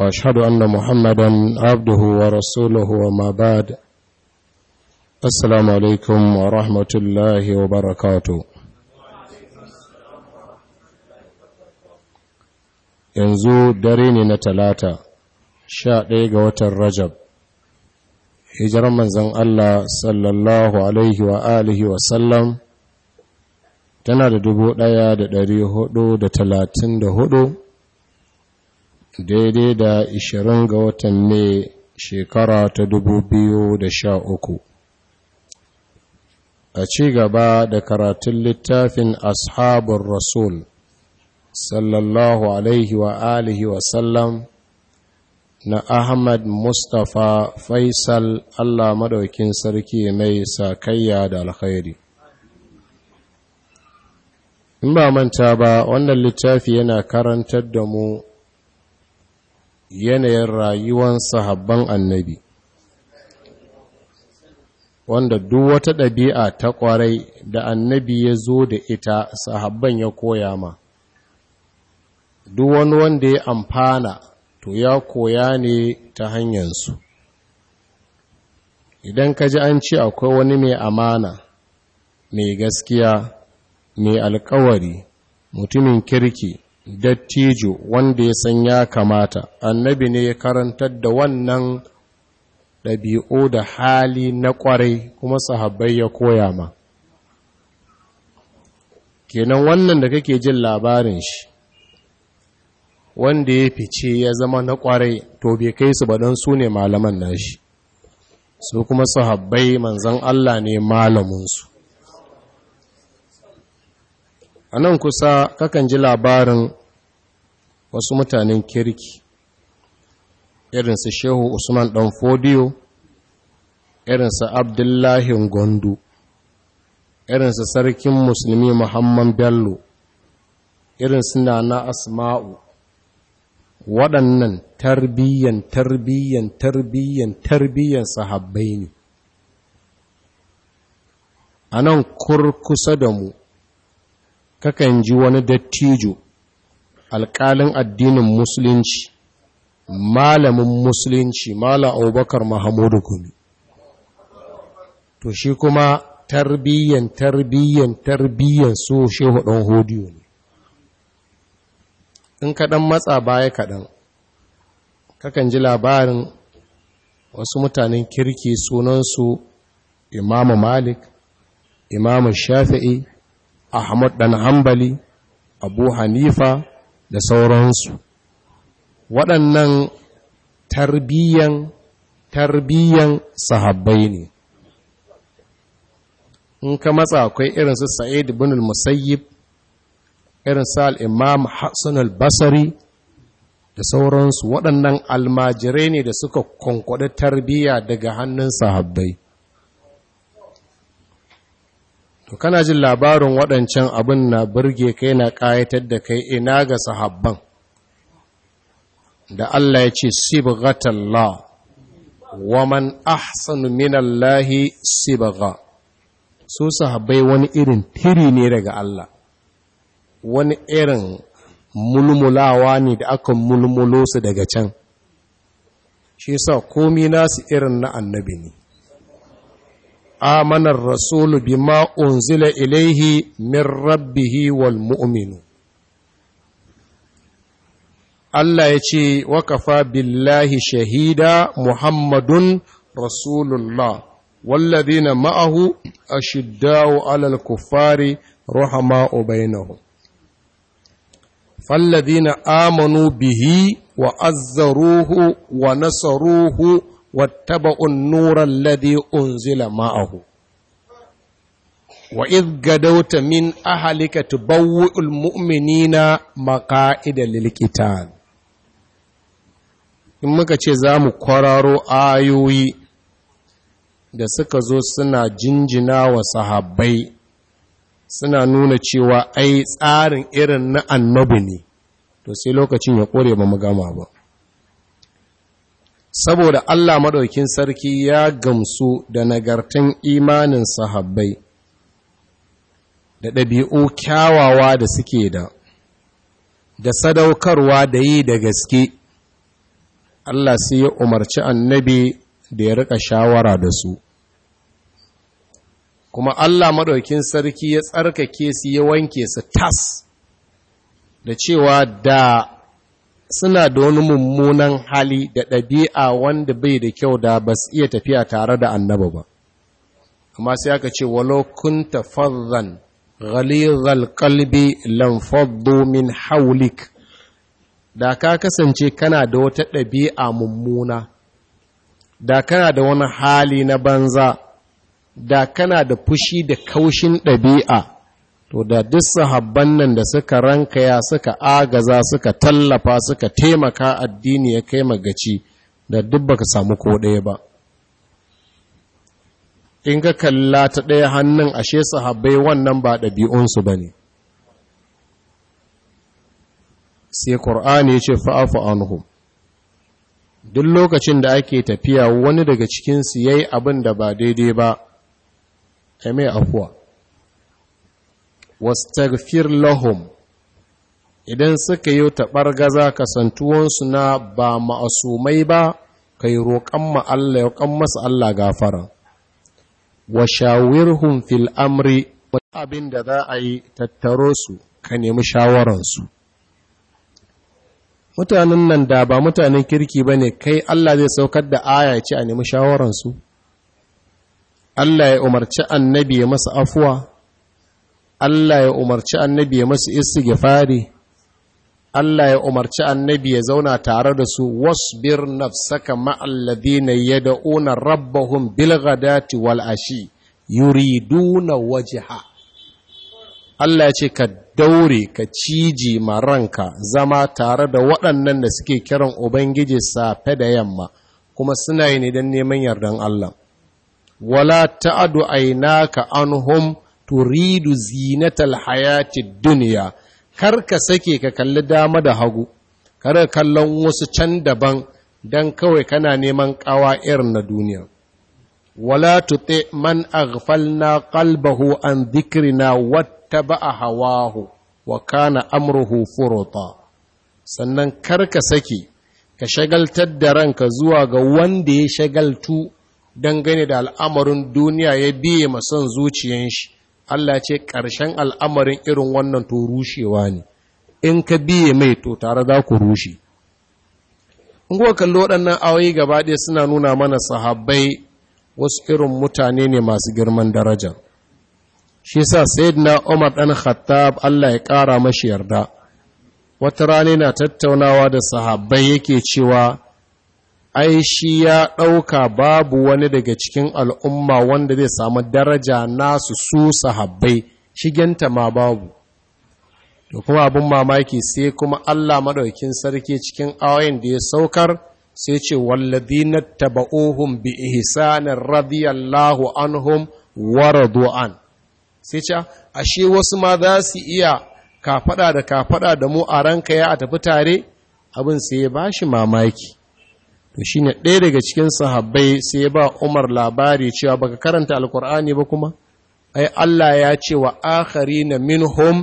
واشهد ان محمدا عبده ورسوله وما بعد السلام عليكم ورحمه الله وبركاته yanzu dare ne na talata sha ɗaya ga watan rajab hijirar manzan Allah sallallahu alaihi wa alihi wa sallam tana da dubu ɗaya da ɗari hudu da talatin da hudu daidai da 20 ga watan ne shekara ta 2013 a ci gaba da karatun littafin ashabun rasul sallallahu alaihi wa alihi wa na ahmad mustapha faisal allah maɗaukin sarki mai sakayya da alkhairi in ba manta ba wannan littafi yana karantar da mu yanayin rayuwan sahabban annabi wanda duk wata ɗabi'a ta ƙwarai da annabi ya zo da ita sahabban ya koya ma duk wani wanda ya amfana to ya koya ne ta hanyarsu idan ka ji an ce akwai wani mai amana mai gaskiya mai alkawari mutumin kirki dattijo wanda ya san ya kamata annabi ne ya karantar da wannan ɗabi'u da hali na ƙwarai kuma sahabbai ya koya ma kenan wannan da kake jin labarin shi wanda ya fice ya zama na ƙwarai to bai kai su don su ne malaman nashi su kuma sahabbai manzan Allah ne malaminsu a nan kusa kakan ji labarin wasu mutanen kirki irinsu shehu usman dan fodiyo irinsu abdullahi gondo irinsu sarkin musulmi muhammad bello irinsu na asma'u waɗannan tarbiyyan tarbiyyan tarbiyyan tarbiyyan sahabbai ne a nan kurkusa da mu kakan ji wani dattijo alƙalin addinin musulunci malamin musulunci mala abubakar mahamudu gumi to shi kuma tarbiyyan tarbiyyan tarbiyyan so shehu ɗan hodiyo ne in kaɗan matsa baya kaɗan kakan ji labarin wasu mutanen kirki sunansu imamu malik imamu shafi'i ahmad ɗan hambali abu hanifa da sauransu waɗannan tarbiyyan tarbiyyan sahabbai ne in ka matsa akwai irin su sa'id ibn al-musayyib irin su al-imam hasan al-basri da sauransu waɗannan almajirai ne da suka konkwada tarbiyya daga hannun sahabbai to kana jin labarin waɗancan abin na burge kai na ƙayatar da kai ina ga sahabban da Allah ya ce sibghatallah waman ahsanu minallahi sibgha su sahabbai wani irin tiri ne daga Allah wani irin mulmulawa ne da aka mulmulo su daga can shi sa komi nasu irin na annabi ne amanar rasulu bima unzila ilaihi min rabbihi wal mu'minu Allah ya ce wakafa billahi shahida Muhammadun Rasulullah والذين معه أشداء على الكفار رحماء بينهم فالذين آمنوا به wa ونصروه wattaba'un nuran ladhi unzila ma'ahu wa idh gadawta min ahlika tubawwi'ul mu'minina maqa'ida lil in muka ce za mu kwararo ayoyi da suka zo suna jinjina wa sahabbai suna nuna cewa ai tsarin irin na annabi ne to sai lokacin ya kore ba mu gama ba saboda Allah maɗaukin sarki ya gamsu da nagartan imanin sahabbai da ɗabi'u kyawawa da suke da da sadaukarwa da yi da gaske Allah sai ya umarci annabi da ya riƙa shawara da su kuma Allah maɗaukin sarki ya tsarkake su ya wanke su tas da cewa da suna da wani mummunan hali da ɗabi'a wanda bai da kyau da ba su iya tafiya tare da annaba ba amma sai aka ce Walo kun faddan ghalidhal qalbi kalbi faddu min haulik. da ka kasance kana da wata ɗabi'a mummuna da kana da wani hali na banza da kana da fushi da kaushin ɗabi'a to da duk sahabban nan da suka rankaya suka agaza suka tallafa suka taimaka addini ya kai magaci da duk baka samu ko ɗaya ba in ka kalla ta ɗaya hannun ashe sahabbai wannan ba ɗabi'unsu ba ne sai ƙor'ani ya ce fa'afu anhum duk lokacin da ake tafiya wani daga cikinsu ya yi abin da ba daidai ba a mai afuwa wastagfir lahum idan suka yi taɓargaza kasantuwansu na ba ma'asumai ba ka yi roƙon masu Allah gafara wa shawirhum fil amri abin da za a yi tattaro su ka nemi shawararsu mutanen nan da ba mutanen kirki ba ne kai Allah zai saukar da aya ce a nemi shawararsu Allah ya umarci annabi ya masa afuwa Allah ya umarci annabi ya masu istighfari Allah ya umarci annabi ya zauna tare da su wasbir nafsaka ma'al ladina yad'una rabbahum bil wal ashi yuriduna wajha Allah ya ce ka daure ka ciji maranka zama tare da waɗannan da suke kiran ubangiji safe da yamma kuma suna yi ne don neman yardan Allah wala ta'adu ainaka anhum turidu zinatal hayati duniya kar ka sake ka kalli dama da hagu kar ka kallon wasu can daban dan kawai kana neman kawa irin na duniya wala tuti man aghfalna qalbahu an dhikrina wattaba'a hawahu wa kana amruhu furuta sannan kar ka sake ka shagaltar da ranka zuwa ga wanda ya shagaltu dangane da al'amarin duniya ya biye masan zuciyan shi Allah ce ƙarshen al'amarin irin wannan to rushewa ne in ka biye mai to tare za ku rushe in kuwa kallo waɗannan awayi gaba ɗaya suna nuna mana sahabbai wasu irin mutane ne masu girman daraja shi sa na umar ɗan khattab Allah ya ƙara mashi yarda wata rana na tattaunawa da sahabbai yake cewa ai shi ya ɗauka babu wani daga cikin al'umma wanda zai samu daraja nasu su sahabbai shigenta ma babu da kuma abin mamaki sai kuma Allah maɗaukin sarki cikin awayin da ya saukar sai ce wallazi na bi ihsanin radiyallahu anhum wa an sai ce ashe wasu ma za su iya kafaɗa da kafaɗa da mu a ranka ya a tafi tare abin sai ya bashi mamaki to shi ne ɗaya daga cikin sahabbai sai ba Umar labari cewa baka karanta alkur'ani ba kuma ai Allah ya ce wa na minhum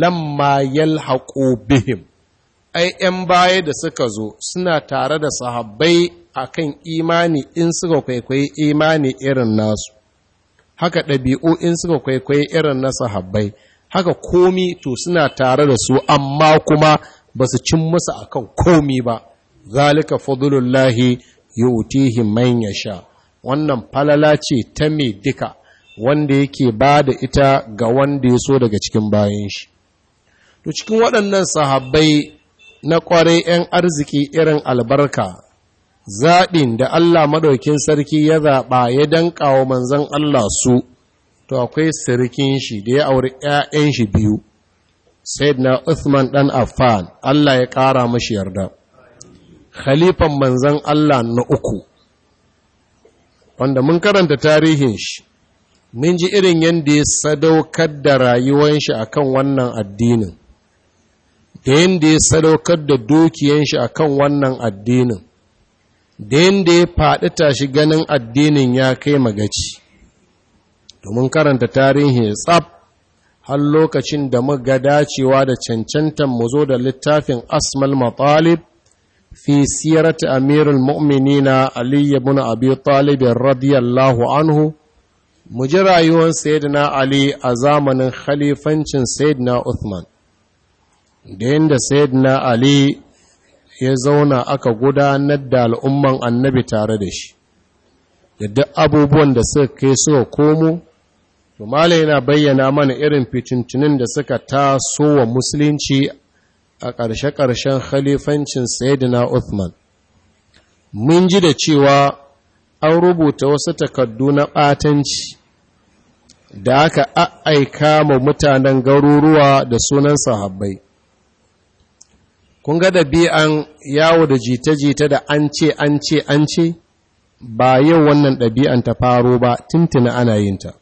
lamma yalhaqu bihim ai ‘yan baya da suka zo suna tare da sahabbai akan imani in suka kwaikwayi imani irin nasu, haka ɗabi'u in suka kwaikwayi irin na sahabbai, haka komi to suna tare da su amma kuma ba su cin musu a komi ba, zalika fadlullahi yu'tihi man yasha wannan falala ce ta mai duka wanda yake bada ita ga wanda ya so daga cikin bayan shi to cikin waɗannan sahabbai na ƙwarai 'yan arziki irin albarka zaɓin da Allah maɗaukin sarki ya zaɓa ya wa Manzon Allah su to akwai sirkin shi da ya auri 'ya'yan shi biyu sayyidina Uthman ɗan Affan Allah ya ƙara mashi yarda khalifan manzan Allah na uku wanda mun karanta tarihin shi mun ji irin yadda ya sadaukar da rayuwan shi akan wannan addinin da yadda ya sadaukar da dukiyan shi akan wannan addinin da yadda ya faɗi tashi ganin addinin ya kai magaci domin karanta tarihin tsab har lokacin da muga dacewa da cancantan mu zo da littafin asmal matalib fi siyarati amirul mu'minina Ali ibn Abi Talib radiyallahu anhu mu ji rayuwar sayyidina Ali a zamanin khalifancin sayyidina Uthman da yadda sayyidina Ali ya zauna aka gudanar da al'umman annabi tare da shi da duk abubuwan da suka kai suka komo to yana bayyana mana irin fitintinin da suka taso wa musulunci a ƙarshe-ƙarshen khalifancin sayyidina Uthman mun ji da cewa an rubuta wasu takardu na ɓatanci da aka aika ma mutanen garuruwa da sunan sahabbai kun ga ɗabi'an yawo da jita-jita da an ce an ce an ce ba yau wannan ɗabi'an ta faro ba tuntuna ana yinta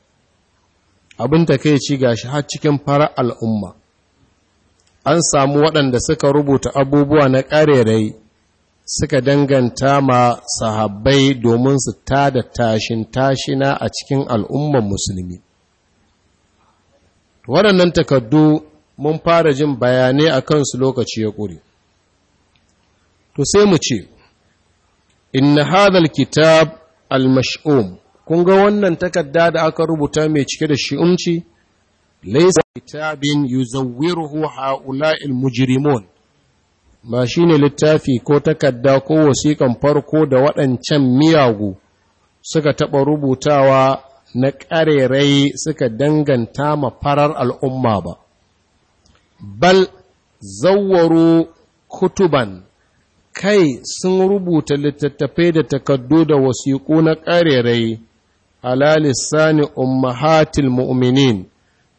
abin ta kai ci gashi har cikin fara al'umma an samu waɗanda suka rubuta abubuwa na ƙarerai suka danganta ma sahabbai domin su tada tashin tashina a cikin al'umman musulmi waɗannan takardu mun fara jin bayanai a kansu lokaci ya ƙuri. to sai mu ce inna hadal kitab al-mash'um kun ga wannan takarda da aka rubuta mai cike da shi'unci laisa kitabin yuzawwiruhu ha'ula'il mujrimun ba shine littafi ko takarda ko wasiƙan farko da waɗancan miyagu suka taɓa rubutawa na ƙarerai suka danganta ma farar al'umma ba bal zawwaro kutuban kai sun rubuta littattafai da takardu da wasiƙu na ƙarerai ala lissani ummahatil mu'minin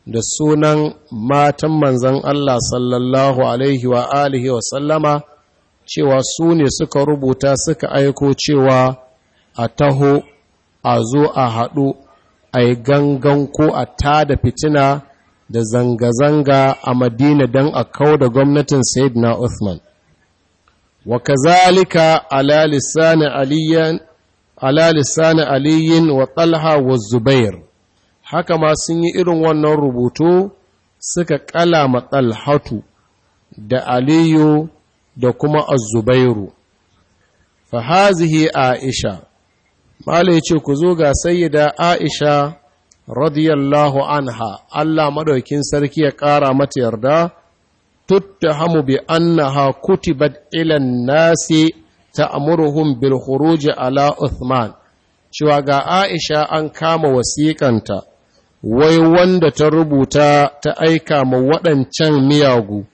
da sunan matan manzan Allah sallallahu alaihi wa alihi wa sallama cewa su ne suka rubuta suka aiko cewa a taho a zo a haɗu a yi gangan ko a tada fitina da zanga-zanga a madina don a kau da gwamnatin na Uthman. wa kazalika ala lisani aliyin wa talha wa zubair haka ma sun yi irin wannan rubutu suka kalama ɗalhatu da aliyu da kuma azubairu fahazihi aisha malai ce ku zo ga sayyida aisha radiyallahu anha allah maɗaukin sarki ya ƙara mata yarda tuttahamu bi annaha kutibat ilan nasi ta'muruhum bil khuruj ala Uthman cewa ga Aisha an kama wasiƙanta wai wanda ta rubuta ta aika ma waɗancan miyagu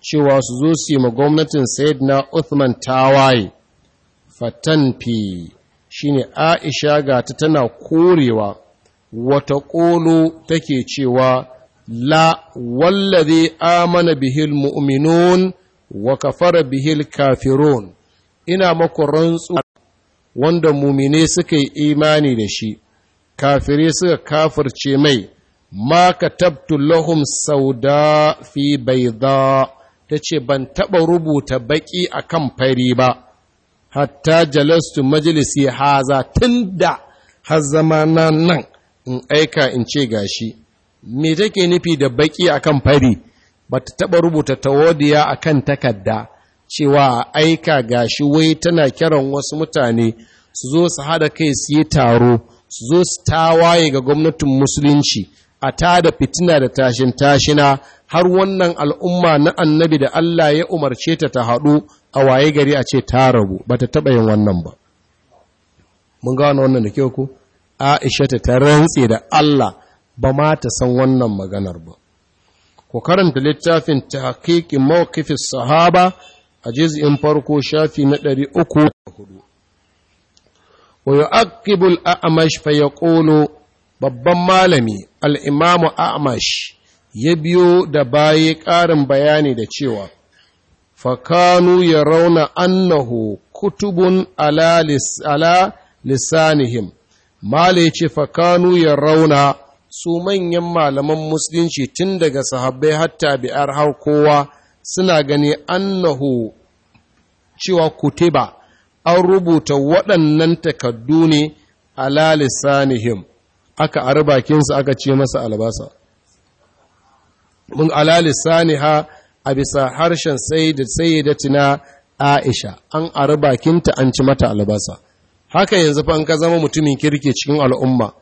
cewa su zo su yi ma gwamnatin na Uthman tawaye fatan fi shi ne Aisha ga ta tana korewa wata ƙolo take cewa la wallazi amana bihil mu'minun wa kafara bihil kafirun ina makon rantsu wanda mumine suka yi imani da shi Kafiri suka kafirce mai ma ka tabtu lahum sauda fi baida ce ban taɓa rubuta baki kan fari ba hatta jalastu majlisi haza tunda har zama nan nan in aika in ce gashi me take nufi da baki kan fari ba ta taɓa rubuta tawadiya kan takarda cewa aika gashi wai tana kiran wasu mutane su zo su haɗa kai su yi taro su zo su tawaye ga gwamnatin musulunci a ta da fitina da tashin tashina har wannan al'umma na annabi da Allah ya umarce ta ta haɗu a waye gari a ce ta rabu ba ta taɓa yin wannan ba. Mun gano wannan da kyau ku? Aisha ta rantse da Allah ba ma ta san wannan maganar ba. Ku karanta littafin ta haƙiƙin mawakifin sahaba a jiz'in farko shafi na ɗari uku da hudu. wa yu'aqqibu al-a'mash fa yaqulu babban malami al-imamu a'mash ya biyo da baya ƙarin bayani da cewa fakanu ya rauna annahu kutubun ala, lis, ala lisanihim mala ce ya rauna su manyan malaman musulunci tun daga sahabbai hatta biyar har kowa suna ganin annahu cewa kutiba an rubuta waɗannan takardu ne ala lisanihim aka arbakinsa aka ce masa albasa mun ala a bisa harshen sayyidatina Aisha an rubakinta an ci mata albasa haka yanzu fa an ka zama mutumin kirki cikin al'umma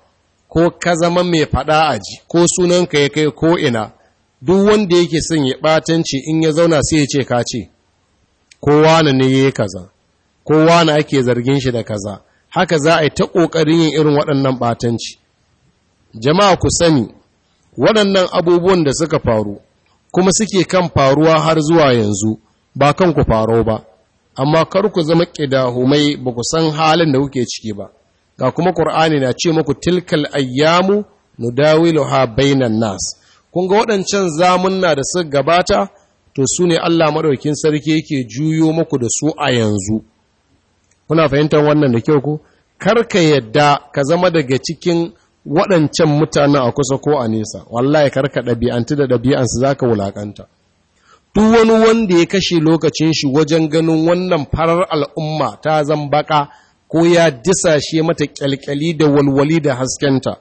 ko ka zama mai fada aji ko sunanka ya kai ko ina duk wanda yake son ya batanci in ya zauna sai ya ce ka ce kowa ne ya yi kaza kowa na ake zargin shi da kaza haka za a yi ta ƙoƙarin yin irin waɗannan ɓatanci jama'a ku sani waɗannan abubuwan da suka faru kuma suke kan faruwa har zuwa yanzu ba kan ku faro ba amma kar ku zama ƙidahumai ba ku san halin da kuke ciki ba ga kuma ƙur'ani na ce muku tilkal ayyamu ha bainan nas kun ga waɗancan zamunna da suka gabata to su ne Allah maɗaukin sarki yake juyo maku da su a yanzu kuna fahimtar wannan da kyau ku karka yadda ka zama daga cikin waɗancan mutanen a kusa ko a nesa wallahi karka ɗabi'antu da ɗabi'ansu za ka wulaƙanta duk wani wanda ya kashe lokacin shi wajen ganin wannan farar al'umma ta zan baka ko ya disa shi mata kyalkyali da walwali da haskenta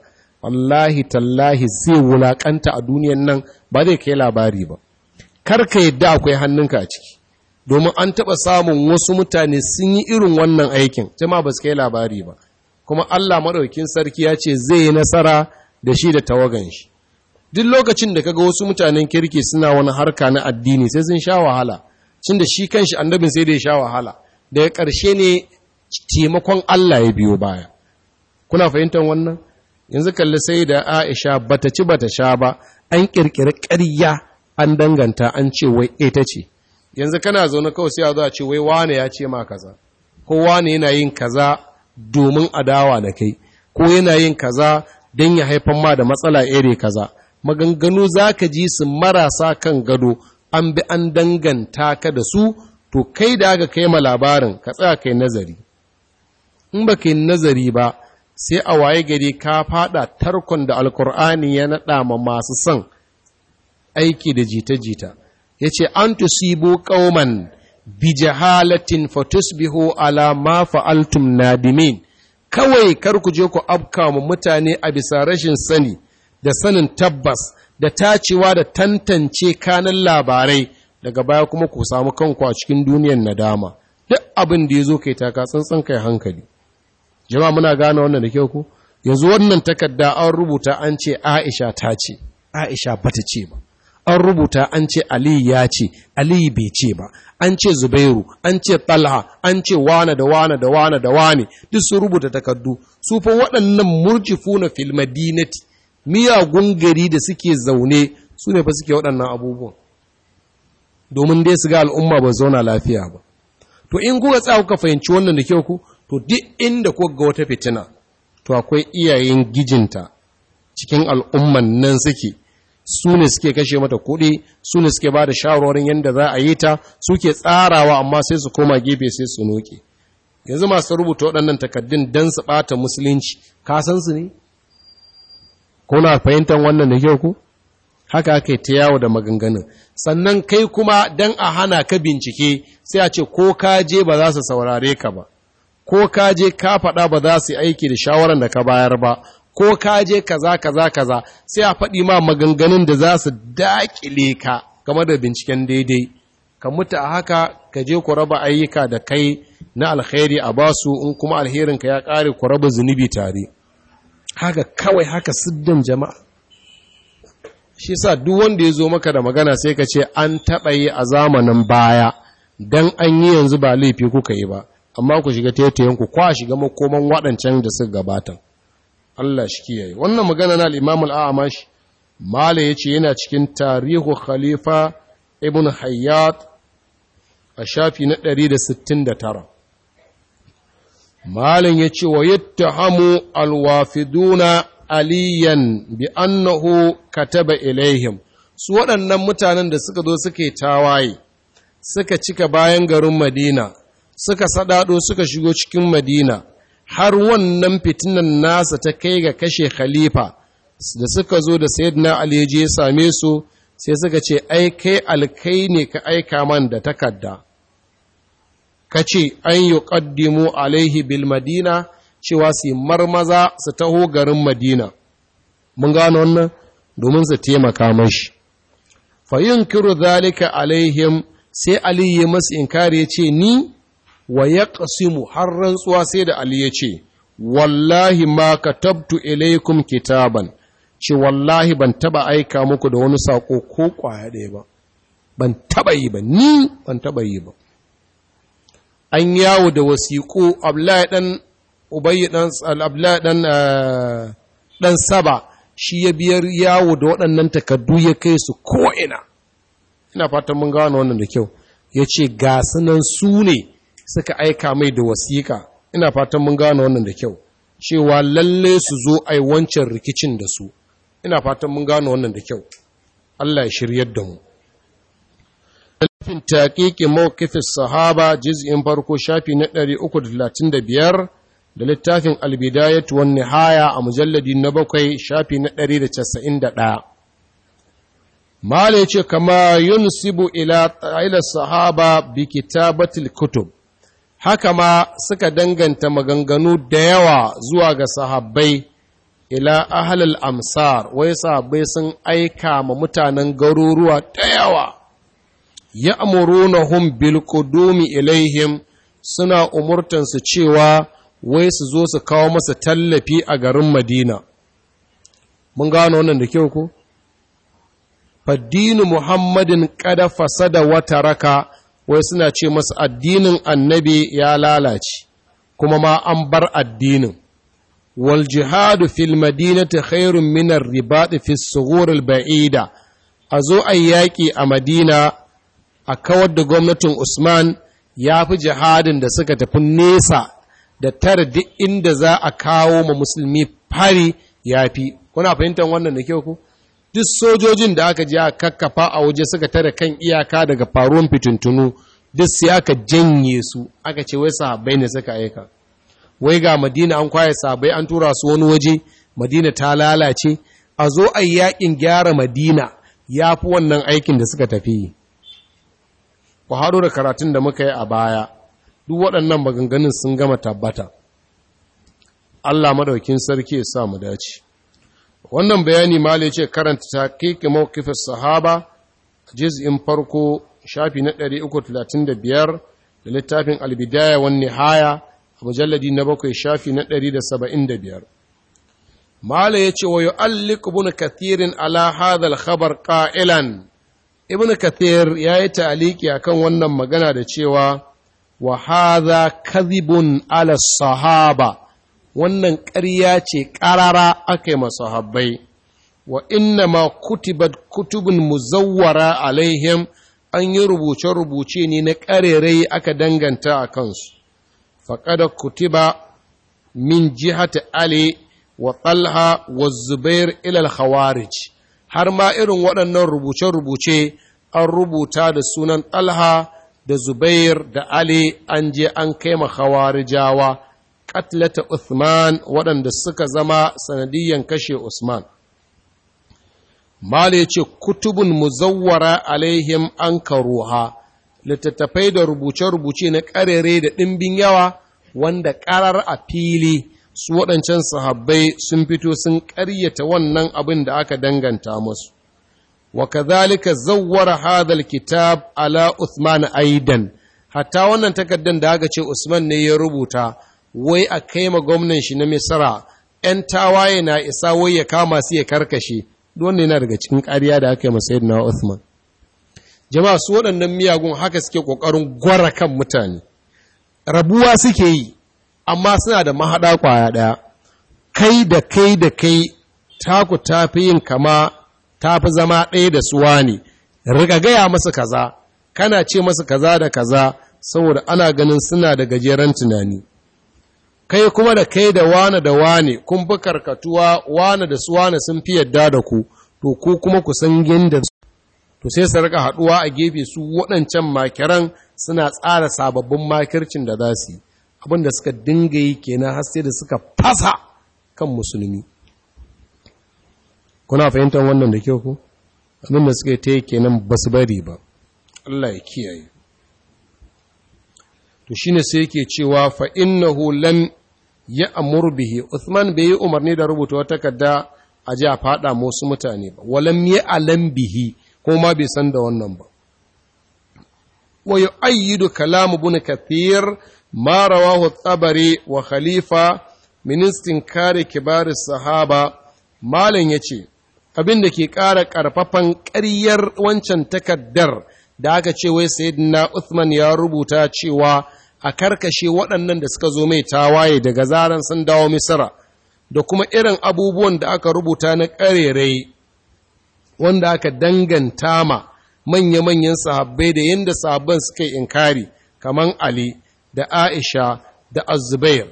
wallahi tallahi zai wulaƙanta a duniyan nan ba zai kai labari ba karka yadda akwai hannunka a ciki domin an taɓa samun wasu mutane sun yi irin wannan aikin jama ba su kai labari ba kuma allah maɗaukin sarki ya ce zai yi nasara da shi da tawagan shi duk lokacin da kaga wasu mutanen kirki suna wani harka na addini sai sun sha wahala cin da shi kanshi annabin sai da ya sha wahala daga ƙarshe ne taimakon allah ya biyo baya kuna fahimtar wannan yanzu kalli sai da aisha bata ci bata sha ba an ƙirƙiri ƙarya an danganta an ce wai ita ce yanzu kana zaune kawai sai a zuwa ce wai wane ya ce ma kaza ko wane yana yin kaza domin adawa da kai ko yana yin kaza don ya haifan ma da matsala iri kaza maganganu za ka ji su marasa kan gado an bi an danganta ka da su to kai da aka kai ma labarin ka tsaya kai nazari in ba yi nazari ba sai a waye gari ka fada tarkon da alkur'ani ya naɗa ma masu son aiki da jita-jita ya ce an tusibo ƙauman bi jahalatin fatusbihu ala ma fa'altum nadimin kawai kar ku je ku afka mu mutane a bisa rashin sani da sanin tabbas da tacewa da tantance kanan labarai daga baya kuma ku samu kanku a cikin duniyar nadama duk abin da ya zo kai taka tsantsan kai hankali jama'a muna gane wannan da kyau ku yanzu wannan takarda an rubuta an ce aisha ta ce aisha bata ce ba an rubuta an ce ali ya ce ali bai ce ba an ce zubairu an ce talha an ce wane da wane da wane da wane duk sun rubuta takardu su fa waɗannan murjifu na filmadinati, miyagun gari da suke zaune su ne fa suke waɗannan abubuwan domin dai su ga al'umma ba zauna lafiya ba to in kuka tsaya kuka fahimci wannan da kyau ku to duk inda kuka ga wata fitina to akwai iyayen gijinta cikin al'umman nan suke su ne suke kashe mata kuɗi su ne suke ba da shawarwarin yadda za a yi ta suke tsarawa amma sai su koma gefe sai su noke yanzu masu rubuta waɗannan takaddun don su ɓata musulunci ka san su ne ko na fahimtar wannan da kyau ku haka aka yi ta yawo da maganganun sannan kai kuma don a hana ka bincike sai a ce ko ka je ba za su saurare ka ba ko ka je ka faɗa ba za su yi aiki da shawarar da ka bayar ba ko ka je kaza kaza kaza sai a faɗi ma maganganun da za su daƙile ka game da binciken daidai ka mutu a haka ka je ku raba ayyuka da kai na alkhairi a basu in kuma alherin ka ya ƙare ku raba zunubi tare haka kawai haka siddin jama'a shi sa duk wanda ya zo maka da magana sai ka ce an taɓa yi a zamanin baya don an yi yanzu ba laifi kuka yi ba amma ku shiga taitayen ku kwa shiga makoman waɗancan da suka gabata. Allah shi kiyaye wannan magana na al-Imam al-Amash mala yace yana cikin tarihu khalifa ibn Hayyat a shafi na 169 malan yace wa yattahamu al-wafiduna aliyan bi annahu kataba ilaihim su waɗannan mutanen da suka zo suke tawaye suka cika bayan garin Madina suka sadado suka shigo cikin Madina har wannan fitinan nasa ta kai ga kashe khalifa da suka zo da sayyidina ali ya same su sai suka ce ai kai alkai ne ka aika man da takarda ka ce an yi ƙaddimu alaihi bil madina cewa su marmaza su taho garin madina mun gano wannan domin su taimaka mashi yin kiru zalika alaihim sai ali ya masu inkari ya ce ni wa ya ƙasimu har rantsuwa sai da Ali ya ce, Wallahi ma ka tabtu ilaikum kitaban, ce wallahi ban taba aika muku da wani saƙo ko ƙwaya ɗaya ba, ban taba yi ba, ni ban taba yi ba. An yawo da wasiƙo, Abdullahi ɗan Ubayi eh, saba shi ya biyar yawo da waɗannan takardu ya kai su ko'ina. Ina fatan mun gano wannan da kyau, ya ce ga sunan su ne suka aika mai da wasiƙa ina fatan mun gano wannan da kyau cewa lalle su zo a yi wancan rikicin da su ina fatan mun gano wannan da kyau Allah ya shiryar da mu Alifin taƙiƙi mawqifis sahaba juz'in farko shafi na 335 da littafin albidayat wan nihaya a mujalladi na bakwai shafi na 191 Mala ya ce, kama yunsibu ila sahaba bi kitabatil kutub, haka ma suka danganta maganganu da yawa zuwa ga sahabbai ila ahalal amsar wai sahabbai sun aika ma mutanen garuruwa da yawa ya amurunahum hun bilkudumi ilaihim suna umurtansu cewa wai su zo su kawo masa tallafi a garin madina mun gano wannan da kyau ko faddini muhammadin kada fasada wata raka wai suna ce masu addinin annabi ya lalace kuma ma an bar addinin wal jihadu fil madinati khairun min ar ba'ida. fi as-sughur al-ba'ida ayyaki a madina a kawar da gwamnatin usman ya fi jihadin da suka tafi nesa da tara duk inda za a kawo ma musulmi fari ya fi kuna fahimtar wannan da kyau ku duk sojojin da aka je a kakkafa a waje suka tare kan iyaka daga faruwan fitintunu duk sai aka janye su aka ce wai sahabbai ne suka aika wai ga madina an kwaye sahabbai an tura su wani waje madina ta lalace a zo a yakin gyara madina ya fi wannan aikin da suka tafi ku haɗu da karatun da muka yi a baya duk waɗannan maganganun sun gama tabbata Allah madaukin sarki ya sa mu dace wannan bayani mala ya ce karanta taqiqi mawqifis sahaba juz'in farko shafi na 335 da littafin albidaya wani nihaya a mujalladi na bakwai shafi na 175 mala ya ce wa yu'alliq ibn kathirin ala hadha al-khabar qa'ilan ibn kathir taliki ta'aliki akan wannan magana da cewa wa hadha kadhibun ala sahaba wannan ƙarya ce ƙarara aka yi masahabbai wa inna ma kutibat kutubun muzawwara alaihim an yi rubuce-rubuce ne na ƙarerai aka danganta a kansu faƙada kutiba min jihata ali wa ɗalha wa zubair ilal khawarij har ma irin waɗannan rubuce-rubuce an rubuta da sunan ɗalha da zubair da ali an je an kai ma khawarijawa katlata Uthman waɗanda suka zama sanadiyyan kashe Usman. Mala yace ce, Kutubun muzawwara alaihim an karuha, littattafai da rubuce-rubuce na ƙarere da ɗimbin yawa wanda ƙarar a fili su waɗancan sahabbai sun fito sun ƙaryata wannan abin da aka danganta musu. Wa kazalika zawwara hadal kitab ala Uthman aidan, hatta wannan takardar da aka ce Usman ne ya rubuta. wai a kai ma gwamnan shi na misra ‘yan tawaye na isa wai ya kama su ya karkashe ne yana daga cikin ƙarya da aka yi masayid na usman Jama'a su waɗannan miyagun haka suke ƙoƙarin gwara kan mutane, rabuwa suke yi, amma suna da mahaɗa ƙwaya ɗaya, kai da kai da kai taku ta fi yin kama ta fi zama ɗaya da suwa ne, riga gaya masa kaza, kana ce masa kaza da kaza, saboda ana ganin suna da gajeren tunani. kai kuma da kai da wane da wane kun fi karkatuwa wane da su wane sun fi yadda da ku to ku kuma ku san yadda to sai su rika haduwa a gefe su waɗancan makiran suna tsara sababbin makircin da za su yi abinda suka dinga yi kenan har sai da suka fasa kan musulmi kuna fahimtar wannan da kyau ku abinda suka ta yi kenan ba su bari ba Allah ya kiyaye to shine sai yake cewa fa innahu lam ya amuru bihi Uthman bai yi umarni da rubuta wata takarda a ji a fada musu mutane ba walam ya alam bihi ko ma bai san da wannan ba wa yu'ayyidu kalamu ibn kathir ma rawahu tsabari wa khalifa ministin kare kibarar sahaba malam yace abin da ke ƙara ƙarfafan ƙaryar wancan takardar da aka ce wai sayyidina Usman ya rubuta cewa a karkashe waɗannan da suka zo mai tawaye daga zaran sun dawo misira da kuma irin abubuwan da aka rubuta na ƙarerai wanda aka danganta ma manya-manyan sahabbai da yadda sahabban suka yi inkari kamar ali da aisha da azubair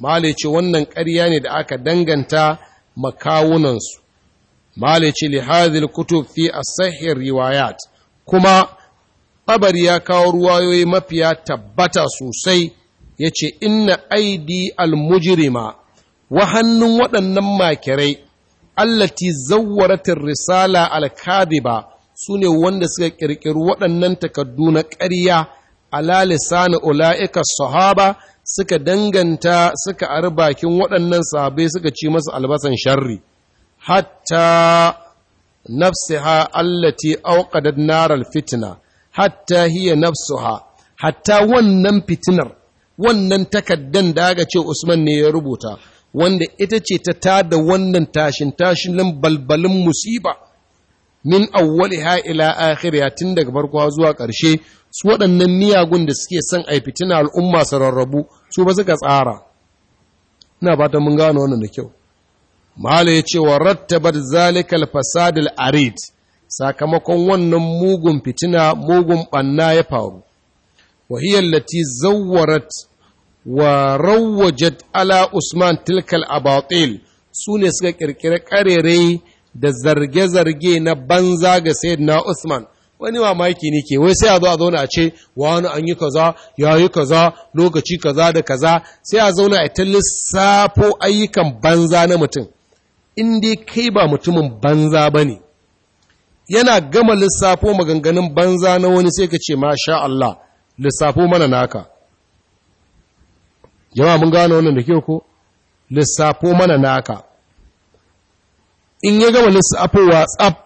male wannan ƙarya ne da aka danganta makawunansu male ce lihazil kutub fi asahir riwayat kuma tabari ya kawo ruwayoyi mafiya tabbata sosai ya ce inna aidi almujirima wa hannun waɗannan makirai allati zawwaratin risala alkadiba su ne wanda suka ƙirƙiri waɗannan takardu na ƙarya ala lisani ula'ika sahaba suka danganta suka ari bakin waɗannan sahabai suka ci masu albasan sharri hatta nafsiha allati auqadat narar fitna hatta hiya nafsuha hatta wannan fitinar wannan takaddan da aka ce Usman ne ya rubuta wanda ita ce ta tada wannan tashin tashin balbalin musiba min awwaliha ila akhiriya tun daga farko zuwa ƙarshe su waɗannan niyagun da suke son ai fitina al'umma su rarrabu su ba suka tsara ina fata mun gano wannan da kyau mala ya ce wa rattabar zalikal fasadil arid sakamakon wannan mugun fitina mugun banna ya faru wahiyar lati zawarat wa rawajat ala usman tilkal abatil sune suka ƙirƙiri ƙarere da zarge-zarge na banza ga na usman wani mamaki ne ke wai sai a zo a zauna a ce wani an yi kaza ya yi kaza lokaci kaza da kaza sai a zauna a ta lissafo ayyukan banza na mutum in dai kai ba mutumin banza ba ne yana gama lissafo maganganun banza na wani sai ka ce masha Allah lissafo mana naka jama'a mun gane wannan da kyau ko lissafo mana naka in ya gama lissafo WhatsApp,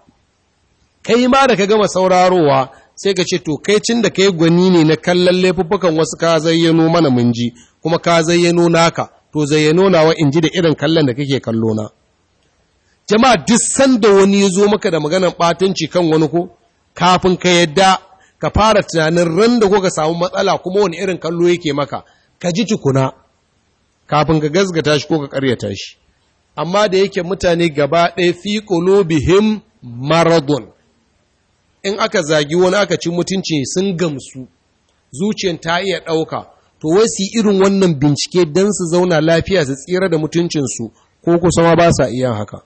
kai ma da ka gama saurarowa sai ka ce to kai cin da kai gwani ne na kallon laifukan wasu ka zayyano mana mun ji kuma ka zayyano naka to zayyano nawa in ji da irin kallon da kake kallo na jama'a duk sanda wani ya zo maka da maganar ɓatanci kan wani ko kafin ka yadda ka fara tunanin ran da ka samu matsala kuma wani irin kallo yake maka ka ji tukuna kafin ka gazgata shi ko ka karyata shi amma da yake mutane gaba ɗaya fi qulubihim maradun in aka zagi wani aka ci mutunci sun gamsu zuciyar ta iya ɗauka to wai su irin wannan bincike don su zauna lafiya su tsira da mutuncinsu ko kusa ma ba sa iya haka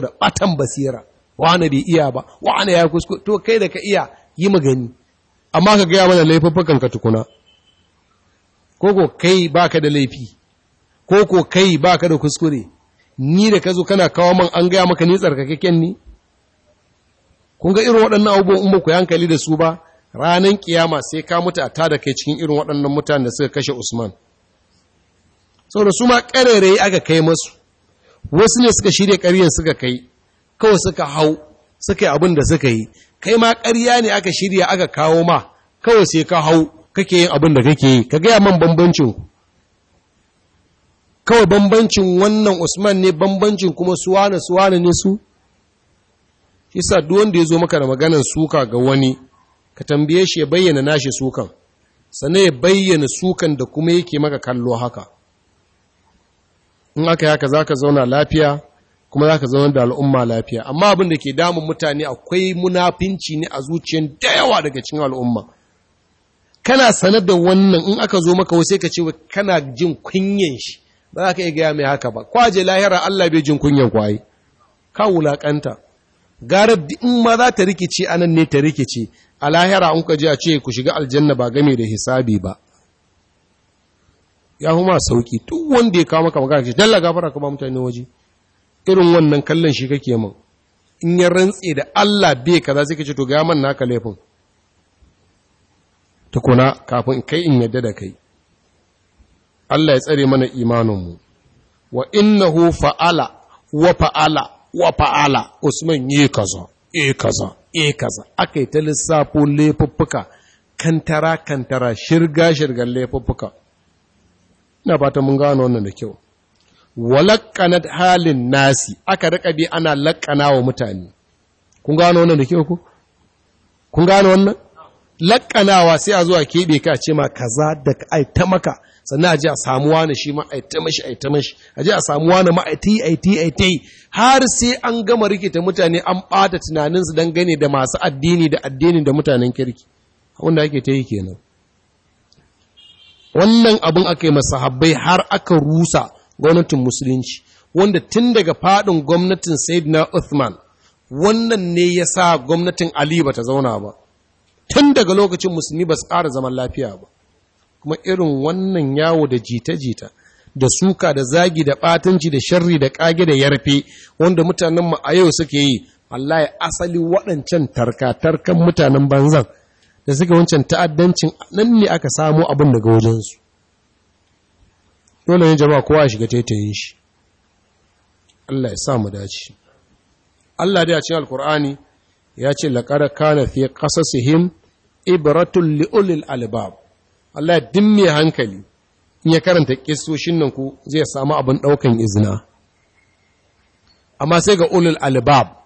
da batan basira wane bai iya ba wane ya kuskure to kai da ka iya yi magani amma ka gaya mana laifuffukan ka tukuna ko ko kai baka da laifi ko ko kai baka da kuskure ni da ka zo kana kawo man an gaya maka ni tsarkakakken ni kun ga irin waɗannan abubuwan in ku hankali da su ba Ranan kiyama sai ka mutu a tada kai cikin irin waɗannan mutanen da suka kashe Usman saboda su ma ƙarerayi aka kai masu wasu ne suka shirya ƙaryar suka kai kawai suka hau suka yi abin da suka yi kai ma ƙarya ne aka shirya aka kawo ma kawai sai ka hau kake yin abin da kake yi ka gaya man bambancin kawai bambancin wannan usman ne bambancin kuma su suwana ne su isa duk wanda ya zo maka da maganan suka ga wani ka tambaye shi ya bayyana nashi sukan sannan ya bayyana sukan da kuma yake maka kallo haka in aka yaka za ka zauna lafiya kuma za ka zauna da al'umma lafiya amma abin da ke damun mutane akwai munafinci ne a zuciyar da yawa daga cikin al'umma kana sanar da wannan in aka zo maka wasu ka ce kana jin kunyan shi ba za ka iya gaya mai haka ba kwaje lahira Allah bai jin kunyan kwaye ka wulaƙanta gara in ma za ta rikice anan ne ta rikice a lahira in ka je a ce ku shiga aljanna ba game da hisabi ba ya fi ma sauki duk wanda ya kawo maka magana shi, dalla gafara ka ba mutane waje irin wannan kallon shi kake min in ya rantse da Allah bai kaza sai kace to ga man naka laifin tukuna kafin kai in yadda da kai Allah ya tsare mana imanin mu wa innahu fa'ala wa fa'ala wa fa'ala Usman yi kaza yi kaza yi kaza akai ta lissafo laifuffuka kantara kantara shirga shirgan laifuffuka ina fatan mun gano wannan da kyau walakkanat halin nasi aka rika bi ana lakkana wa mutane kun gano wannan da kyau ko kun gano wannan lakkanawa sai a zuwa kebe ka ce ma kaza da ai ta maka sannan a ji a samu wani shi ma ai ta mashi ai ta mashi a ji a samu wani ma ai tai ai tai ai tai har sai an gama rikita mutane an bata tunaninsu don gane da masu addini da addinin da mutanen kirki wanda ake ta yi kenan wannan abin aka yi masahabbai har aka rusa gwamnatin musulunci wanda tun daga fadin gwamnatin na Uthman wannan ne ya sa gwamnatin Ali ba ta zauna ba tun daga lokacin musulmi ba su ƙara zaman lafiya ba kuma irin wannan yawo da jita-jita da suka da zagi da ɓatanci da sharri da ƙage da yarfe wanda mutanenmu a yau suke yi wallahi asali waɗancan tarka-tarkan mutanen banzan da suka wancan ta'addancin nan ne aka samo abin daga wajensu dole ne jama'a kowa shiga taitayin shi Allah ya sa mu dace Allah da ya cikin alkur'ani ya ce laqad kana fi qasasihim ibratun li'ulil albab Allah ya dimme hankali in ya karanta kissoshin nan ku zai samu abin ɗaukan izina amma sai ga ulul albab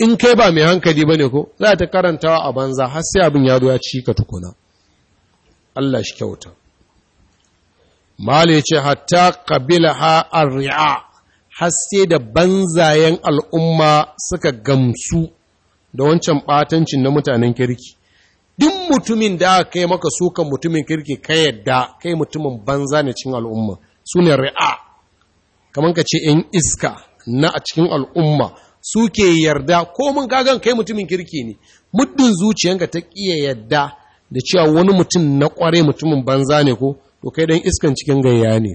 in kai ba mai hankali ba ne ko za ta karantawa a banza har sai abin ya zo ya ci ka tukuna Allah shi kyauta mali ce hatta kabila ha arri'a har sai da banzayen al'umma suka gamsu da wancan batancin na mutanen kirki duk mutumin da aka kai maka sukan mutumin kirki ka yadda kai mutumin banza ne cikin al'umma su ne ri'a kamar ka ce in iska na a cikin al'umma suke yarda ko mun kagan kai mutumin kirki ne muddin zuciyanka ta kiya yarda da cewa wani mutum na kware mutumin banza ne ko to kai dan iskan cikin gayya ne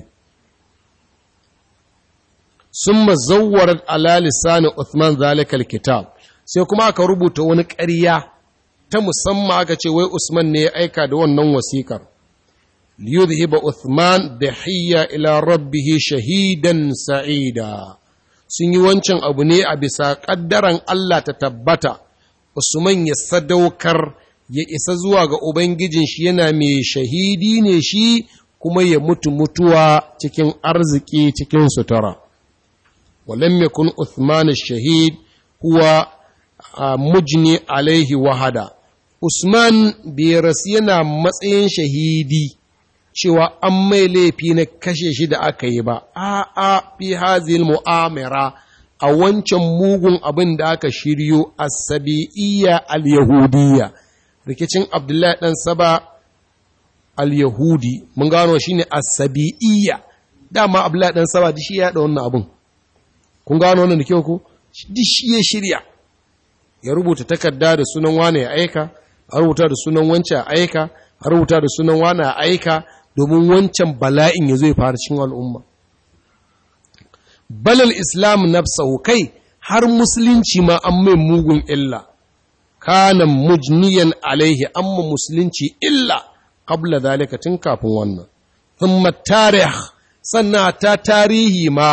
summa zawwarat ala lisan Uthman zalika alkitab sai kuma aka rubuta wani ƙarya ta musamman aka ce wai Usman ne ya aika da wannan wasikar liyudhiba Uthman bihiya ila rabbihi shahidan sa'ida sun yi wancan abu ne a bisa ƙaddaran Allah ta tabbata, Usman ya sadaukar ya isa zuwa ga Ubangijin shi yana mai shahidi ne shi kuma ya mutu mutuwa cikin arziki cikin sutura. Walam yakun Uthman shahid huwa mujni alaihi wahada. Usman bai rasu yana matsayin shahidi cewa an mai laifi na kashe shi da aka yi ba, a'a fi hazil mu'amira a wancan mugun abin da aka shiryo a sabi'iyya al-yahudiyya, rikicin Abdullahi ɗan saba al-yahudi, mun gano shi ne a sabi'iyya, dama Abdullahi ɗan saba dishi ya haɗa wannan abin. Kun gano wannan da kyau ku? Dishi ya shirya, ya rubuta takarda da sunan wane ya aika, a rubuta da sunan wancan a aika, a rubuta da sunan ya aika domin wancan bala'in ya zo ya fara cikin al'umma balal islam na saukai har musulunci ma an mai mugun illa kana mujniyan alaihi amma musulunci illa kabla zalika tun kafin wannan thumma tarih sannan ta tarihi ma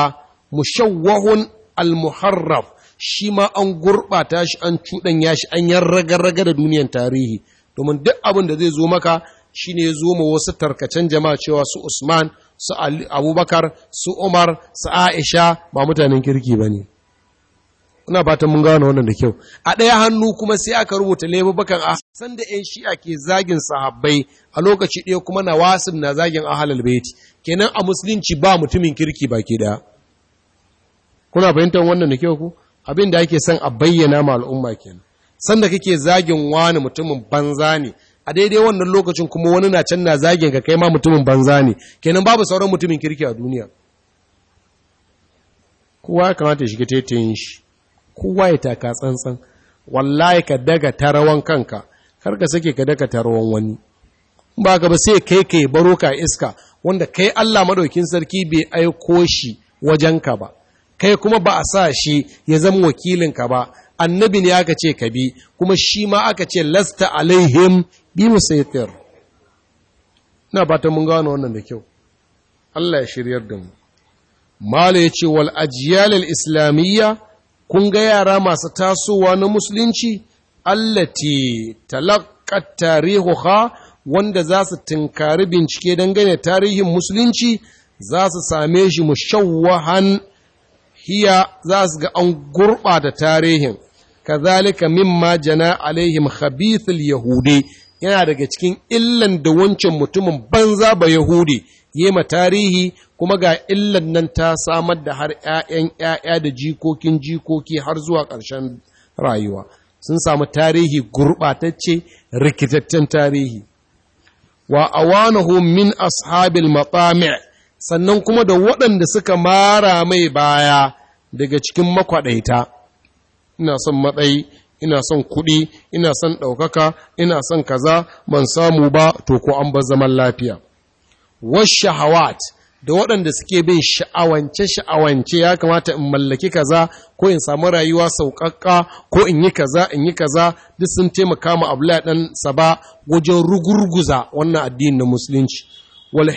mushawwahun al-muharraf shi ma an gurɓata shi an cuɗanya shi an yan raga da duniyan tarihi domin duk abin da zai zo maka shine ya zo ma wasu tarkacen jama'a cewa su Usman su Abubakar su Umar su Aisha ba mutanen kirki ba bane ina ta mun gano wannan da kyau a ɗaya hannu kuma sai aka rubuta laifukan a san da yan shi'a ke zagin sahabbai a lokaci ɗaya kuma na wasin na zagin ahlul baiti kenan a musulunci ba mutumin kirki ba ke ɗaya kuna fahimtar wannan da kyau ku abin da ake son a bayyana ma al'umma kenan sanda kake zagin wani mutumin banza ne a daidai wannan lokacin kuma wani na can na zagin ka kai ma mutumin banza ne kenan babu sauran mutumin kirki a duniya kowa ya kamata shiga tetayin shi kowa ya taka tsantsan wallahi ka daga tarawan kanka kar ka sake ka daga tarawan wani ba ka ba sai kai kai baro ka iska wanda kai Allah madaukin sarki bai aiko shi wajen ka ba kai kuma ba a sa shi ya zama wakilin ka ba annabi ne aka ce ka bi kuma shi ma aka ce lasta alaihim ya musaitar na ta mun gano wannan da kyau Allah ya shiryar da mu mala ya ce wal ajiyal islamiyya kun ga yara masu tasowa na musulunci allati talaqqat tarihuha wanda za su tinkari bincike dangane tarihin musulunci za su same shi mu mushawwahan hiya za su ga an gurɓata tarihin kazalika mimma jana alaihim khabithul yahudi yana daga cikin illan da wancan mutumin banza ba Yahudi yema tarihi kuma ga illan nan ta samar da har ‘ya'yan ‘ya'ya da jikokin jikoki har zuwa ƙarshen rayuwa sun samu tarihi gurɓatacce rikitaccen tarihi wa awanahu min ashabil matsami sannan kuma da waɗanda suka mara mai baya daga cikin makwaɗaita ina son matsayi ina son kuɗi ina son ɗaukaka ina son kaza ban samu ba to ko an bar zaman lafiya shahawat da waɗanda suke bin sha'awance sha'awance ya kamata in mallaki kaza ko in samu rayuwa sauƙaƙƙa ko in yi kaza in yi kaza duk sun taimaka ma abu ɗan saba wajen rugurguza wannan addinin na musulunci wal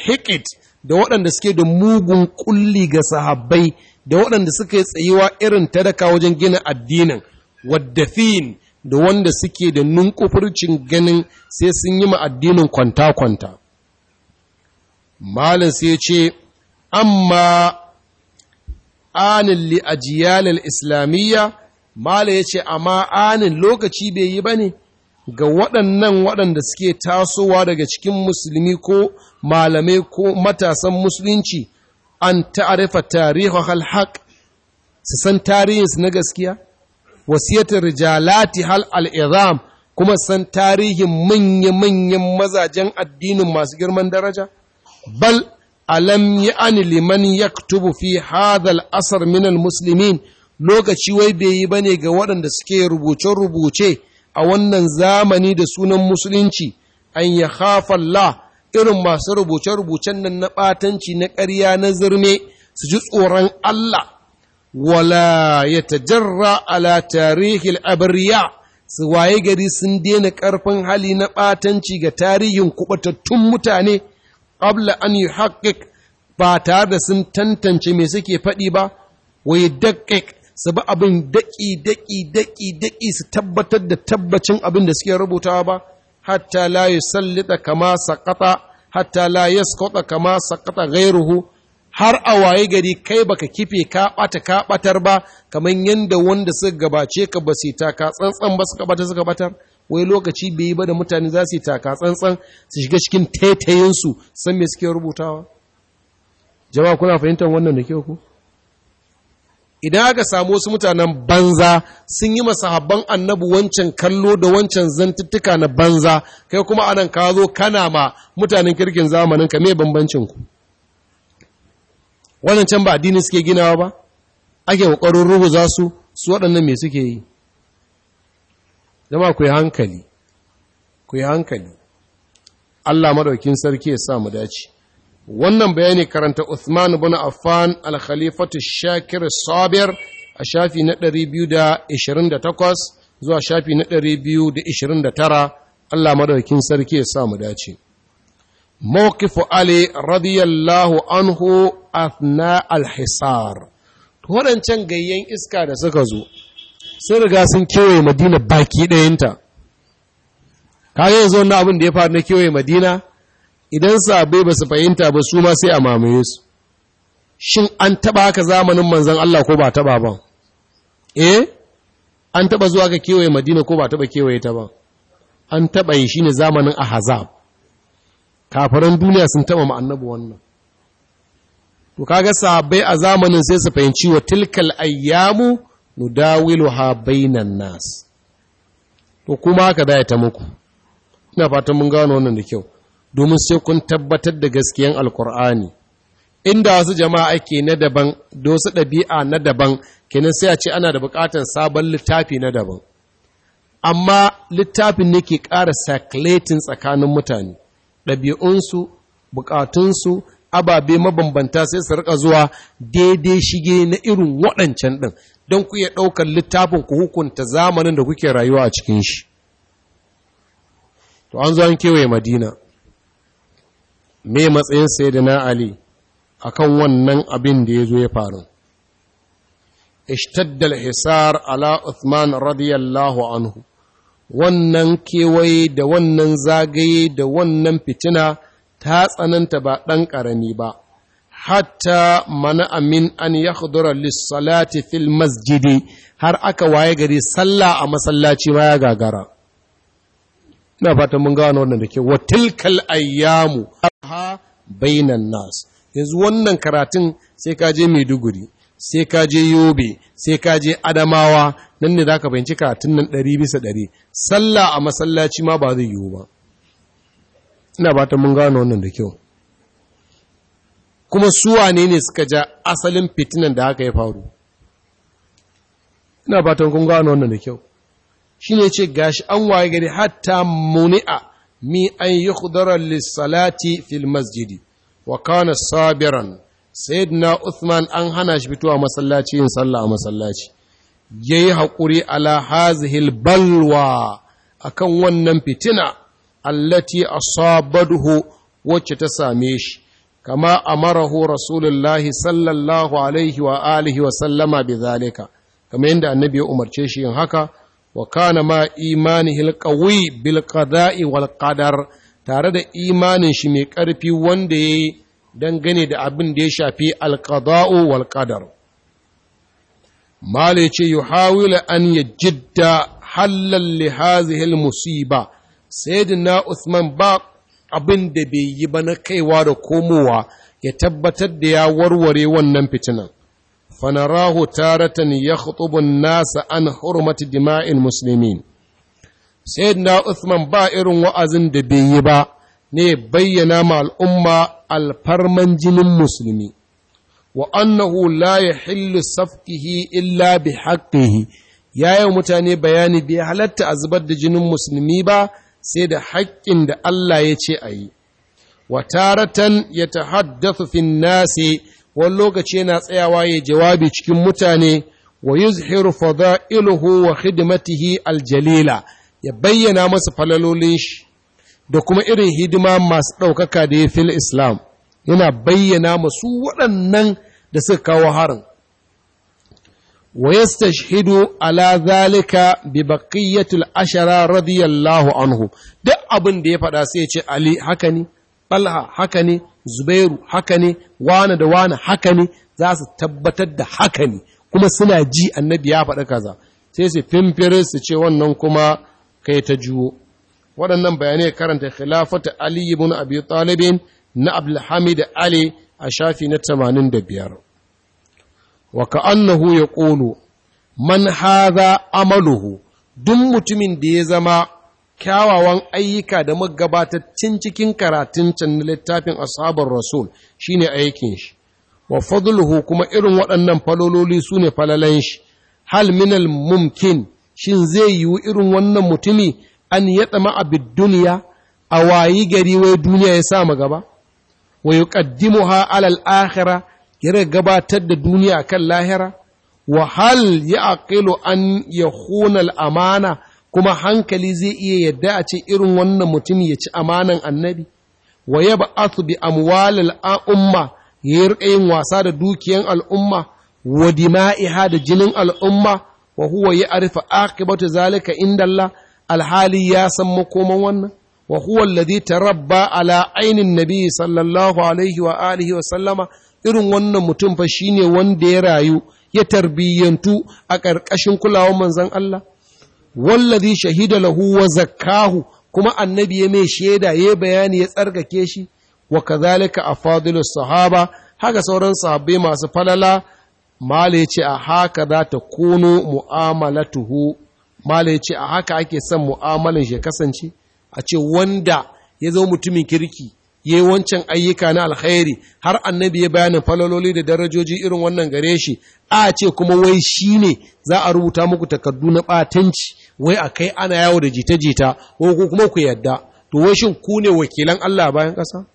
da waɗanda suke da mugun kulli ga sahabbai da waɗanda yi tsayuwa irin tadaka wajen gina addinin waddafin da wanda suke da nunkufurcin ganin sai sun yi addinin kwanta-kwanta malin sai ce amma anin li islamiyya malin ya ce amma anin lokaci bai yi ba ne ga waɗannan waɗanda suke tasowa daga cikin musulmi ko malamai ko matasan musulunci an ta'arifa tarihar hal su san tarihinsu na gaskiya? wasiyatar rijalati hal al'izam kuma san tarihin manya-manyan mazajen addinin masu girman daraja? Bal, alam yi an liman ya fi hadal asar minal musulmin lokaci wai bai yi ba ne ga waɗanda suke rubuce-rubuce a wannan zamani da sunan musulunci, an ya hafalla irin masu rubuce-rubucen nan na ɓatanci na ƙarya na zirme su ji tsoron Allah. wala ya tajarra ala tarihil abriya su waye gari sun daina ƙarfin hali na ɓatanci ga tarihin kubatattun mutane qabla an yi ba tare da sun tantance mai suke faɗi ba wai daƙiƙ su bi abin daƙi daƙi daƙi daƙi su tabbatar da tabbacin abin da suke rubutawa ba hatta la yusallita kama saqata hatta la yasqata kama saqata ghayruhu har a waye gari kai baka kife ka bata ka batar ba kamar yadda wanda suka gabace ka ba su tsantsan ba suka bata suka batar wai lokaci bai yi ba da mutane za su taka tsantsan su shiga cikin taitayinsu san me suke rubutawa jama'a kuna fahimtar wannan da ke ku idan aka samu wasu mutanen banza sun yi masa masahabban annabu wancan kallo da wancan zantuttuka na banza kai kuma anan ka zo kana ma mutanen kirkin zamanin ka me bambancin ku wannan can ba addini suke ginawa ba ake kokarin ruhu za su su waɗannan me suke yi zama ku yi hankali ku yi hankali Allah madaukin sarki ya sa mu dace wannan bayani karanta Uthman ibn Affan al-Khalifatu Shakir Sabir a shafi na 228 zuwa shafi na 229 Allah madaukin sarki ya sa mu dace موقف علي رضي الله عنه أثناء الحصار waɗancan iska da suka zo sun riga sun kewaye madina baki ɗayanta kaga yanzu wannan abin da ya faru na kewaye madina idan sabai ba su fahimta ba su ma sai a mamaye su shin an taɓa haka zamanin manzan Allah ko ba taɓa ba eh an taɓa zuwa ka kewaye madina ko ba taɓa kewaye ta ba an taɓa yi shine zamanin ahazab kafiran duniya sun taba ma'annabu wannan to kaga sahabbai a zamanin sai su fahimci wa tilkal ayyamu ha bainan nas to kuma haka da ta muku ina fatan mun gano wannan da kyau domin sai kun tabbatar da gaskiyan alkur'ani inda wasu jama'a ake na daban da wasu ɗabi'a na daban kenan sai a ce ana da buƙatar sabon littafi na daban amma littafin ne ke ƙara circulating tsakanin mutane ɗabi'unsu bukatunsu ababe mabambanta sai su rika zuwa daidai shige na irin waɗancan ɗin don ku iya ɗaukar littafin ku hukunta zamanin da kuke rayuwa a cikin shi to an zo an kewaye madina me matsayin sai da na ali a kan wannan abin da ya zo ya faru ishtaddal hisar ala uthman radiyallahu anhu wannan kewaye da wannan zagaye da wannan fitina ta tsananta ba ɗan ƙarami ba hatta mana amin an ya hudura lissalati fil masjidi har aka waye gari sallah a masallaci ma ya gagara ina fatan mun gano wannan da ke wa ayyamu ha bainan nas yanzu wannan karatun sai ka je duguri. sai ka je yobe sai ka je adamawa nan ne za ka fahimci karatun nan ɗari bisa ɗari sallah a masallaci ma ba zai yiwu ba ina ba ta mun gano wannan da kyau kuma su wanene ne suka ja asalin fitinan da haka ya faru ina ba ta kun gano wannan da kyau shi ne ce gashi an waye gari hatta muni'a mi an yi hudarar lissalati fil masjidi wa kana sabiran sayyidina Uthman an hana shi fitowa masallaci yin sallah a masallaci yayi haƙuri ala hazihil balwa akan wannan fitina allati asabadhu wacce ta same shi kama amarahu rasulullahi sallallahu alaihi wa alihi wa sallama bidhalika kamar yadda annabi ya umarce shi yin haka wa kana ma imanihi qawi bil qada'i wal qadar tare da imanin shi mai ƙarfi wanda yayi dangane da abin da ya shafi alƙada'u wal qadar mala yace yuhawila an yajidda halal li hadhihi al musiba na usman ba abin da bai yi ba na kaiwa da komowa ya tabbatar da ya warware wannan fitinan fanarahu taratan ya khutubun nasa an hurmati dima'il muslimin sayyidina Usman ba irin wa'azin da bai yi ba ne bayyana ma al'umma alfarman jinin musulmi wa annahu la yahillu safkihi illa bi ya yayin mutane bayani bai halatta a zubar da jinin musulmi ba sai da haƙƙin da Allah ya ce a yi wa taratan ya tahaddathu fin nasi wani lokaci yana tsayawa ya jawabi cikin mutane wa yuzhiru fada'iluhu wa khidmatihi aljalila ya bayyana masa falalolin shi da kuma irin hidima masu ɗaukaka da ya fil Islam yana bayyana masu waɗannan da suka kawo harin. Wa yastashhidu ala zalika bi bakiyatul ashara radiyallahu anhu duk abin da ya faɗa sai ya ce Ali haka ne Talha haka ne Zubairu haka ne Wana da Wani haka ne za su tabbatar da haka ne kuma suna ji annabi ya faɗa kaza sai su fimfiri su ce wannan kuma kai ta juwo waɗannan bayanai karanta khilafata Ali ibn Abi Talib na Abdulhamid Ali a shafi na 85 wa ka'annahu yaqulu man hadha amaluhu duk mutumin da ya zama kyawawan ayyuka da magabatattun cikin karatun can na littafin ashabar rasul shine aikin shi wa fadluhu kuma irin waɗannan falololi su ne falalan shi hal minal mumkin shin zai yiwu irin wannan mutumi an ya tsama abin duniya a wayi gari wai duniya ya sa ma gaba wa yuqaddimuha alal akhirah kira gabatar da duniya kan lahira wa hal ya aqilu an ya hunal amana kuma hankali zai iya yadda a ce irin wannan mutum ya ci amanan annabi wa ya ba'athu bi amwalil umma ya rika yin wasa da dukiyan al'umma wa dima'iha da jinin al'umma wa huwa ya arifa aqibatu zalika inda Allah alhali ya san makoman wannan wa huwa alladhi tarabba ala ainin nabi sallallahu alaihi wa alihi wa sallama irin wannan mutum fa shine wanda ya rayu ya tarbiyyantu a ƙarƙashin kulawar manzon Allah wallazi shahida lahu wa zakkahu kuma annabi ya mai shaida ya bayani ya tsarkake shi wa kazalika afadilus sahaba haka sauran sahabbai masu falala mala yace a haka za ta kuno mu'amalatuhu mala ya ce a haka ake son mu'amalan shi kasance a ce wanda ya zo mutumin kirki ya yi wancan ayyuka na alkhairi har annabi ya bayanin falololi da darajoji irin wannan gare shi a ce kuma wai shi ne za a rubuta muku takardu na ɓatanci wai a kai ana yawo da jita-jita ko kuma ku yadda to wai shin ku ne wakilan Allah bayan ƙasa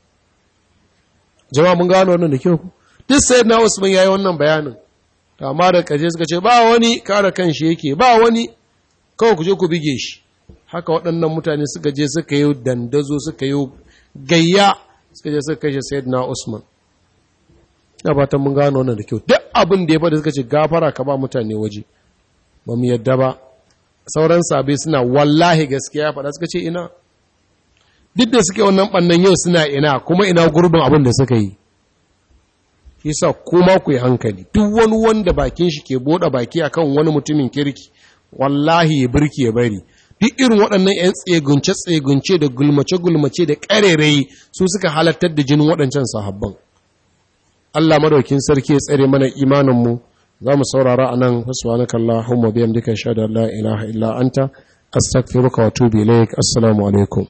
jama'a mun gano wannan da kyau ku duk sayyidina Usman yayi wannan bayanin amma da kaje suka ce ba wani kare kanshi yake ba wani kawai ku je ku bige shi haka waɗannan mutane suka je suka yi dandazo suka yi gayya suka je suka kashe na usman ya ta mun gano wannan da kyau duk abin da ya faɗi suka ce gafara ka ba mutane waje ba mu yadda ba sauran sabai suna wallahi gaskiya ya faɗa suka ce ina duk da suke wannan ɓannan yau suna ina kuma ina gurbin abin da suka yi yasa kuma ku yi hankali duk wani wanda bakin shi ke buɗe baki akan wani mutumin kirki wallahi ya birki ya bari duk irin waɗannan 'yan tsegunce-tsegunce da gulmace-gulmace da ƙarerai su suka halattar da jinin waɗancan sahabban Allah madaukin sarki ya tsare mana imaninmu za mu saurara a nan kalla, subhanakallahumma bihamdika shada la ilaha illa anta astaghfiruka wa tubi assalamu alaikum